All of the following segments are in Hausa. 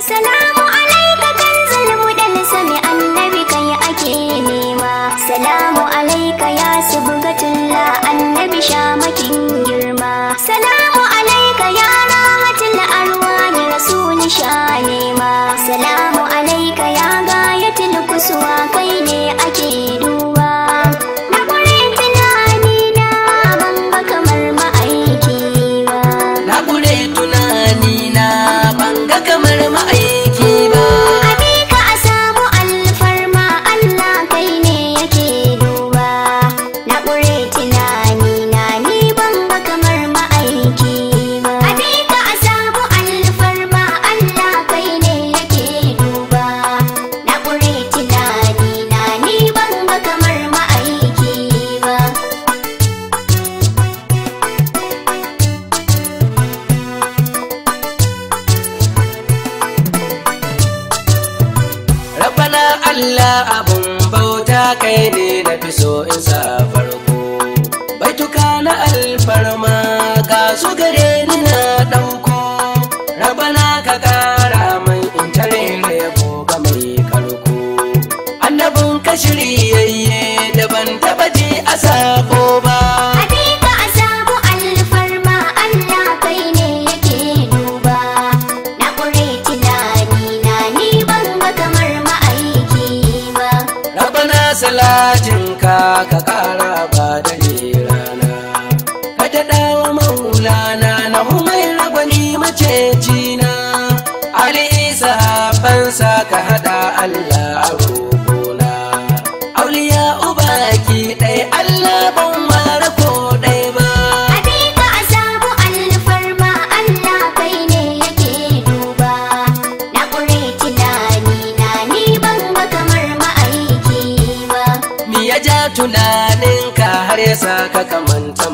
Salamu alaika kanzul mudan sami annabi kai ake nema. Salamu alaika ya subgatullah annabi shamakin girma. Salamu alaika ya rahatul arwani rasul shane. Allah abun bauta kai ne na fi so in sa farko tuka na alfarma ga su gare ce jina ali isa fansa ka hada allah agogona auliya uba ki dai allah ban mara ko dai ba hakika azabu alfarma allah kai ne yake duba na kure tunani na ni ban ba kamar ma'aiki ba me ya ja tunaninka har ya saka kamanta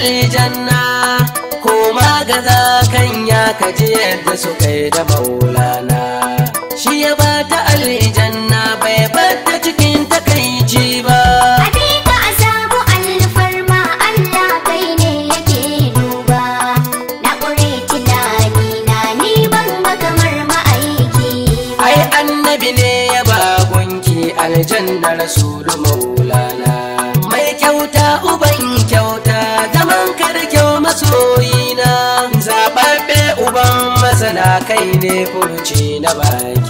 Al'ijanna ko magana kan ya kaji yadda suka yi da mawulana, shi ya bata al'ijanna bai ta cikin takaici ba. A bika a samu allafar Allah kai ne yake duba, na kure cinnayina ni ban ba kamar ma aiki ba. Annabi ne ya ba gwanke aljanna na Mai kyauta uba. masoyina zaɓaɓɓe uban masana kai ne furuci na baki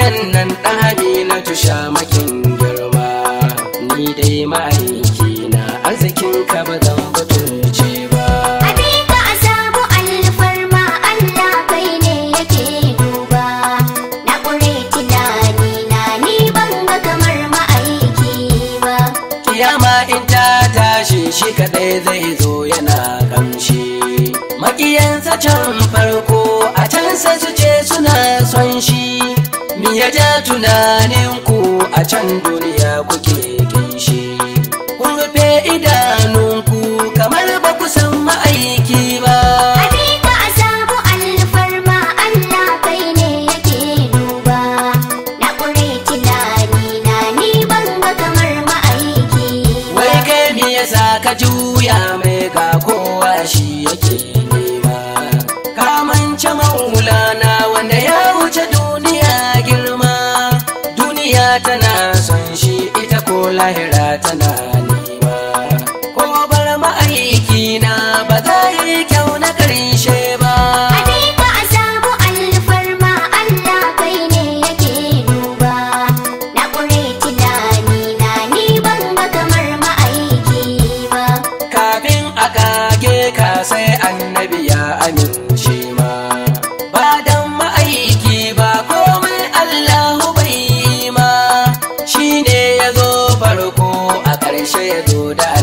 hasken nan ɗani na tusha makin girma ni dai ma'aiki na arzikin ka ba zan ce ba abinka a samu alfarma Allah bai ne yake duba na ƙure tunani na ni ban ga kamar ma'aiki ba kiyama in ta tashi shi kaɗai zai zo yana kamshi maƙiyansa can farko a can sa su ce suna son shi ya ja tunanin ku a can duniya kuke kinshi kun rufe idanunku kamar ba ku san ma'aiki ba hakika a sabu alfarma Allah kai ne yake duba na kure tunani na ni ban ga kamar ma'aiki wai kai me yasa ka juya mai ga kowa shi yake lahira tana ce ya da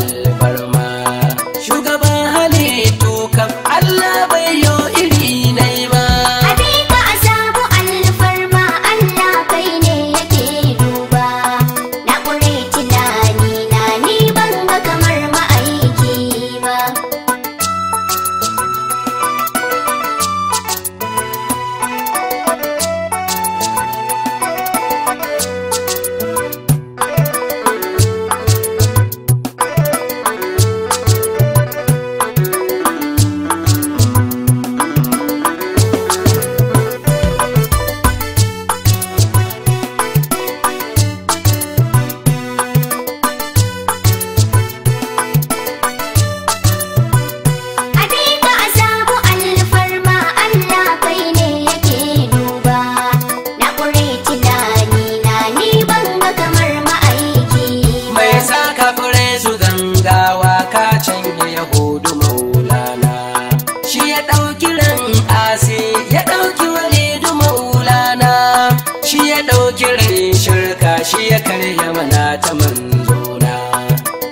shi ya karya mana ta manzona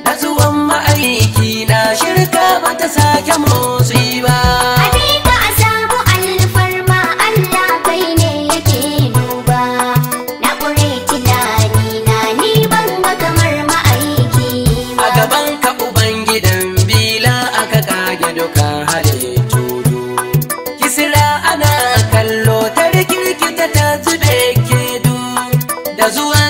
na zuwan ma'aiki na shirka bata sake motsi ba hakika a samu alfarma Allah kai ne yake duba na kure tunani na ni ban kamar ma'aiki a gaban ka ubangidan bila aka kage duka halittu kisira ana kallo ta rikirkita ta zube kedu da zuwa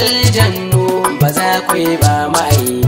aljannu ba za ku yi ba mai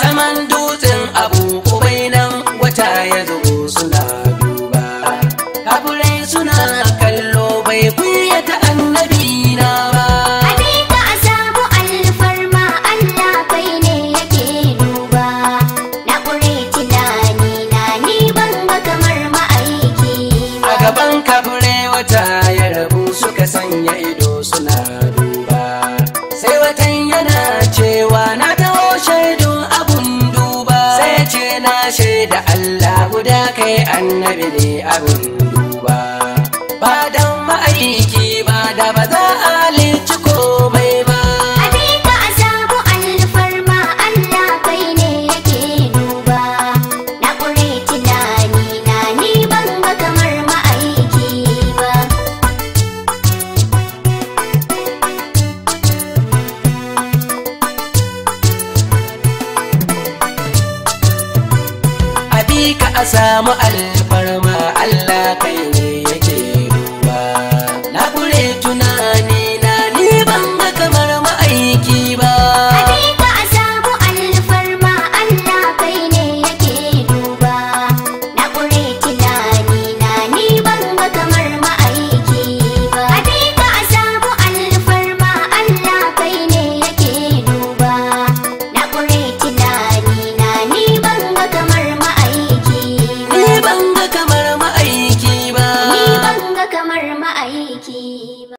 da Allah guda kai annabi ne abun ka a samu alfarma Allah kai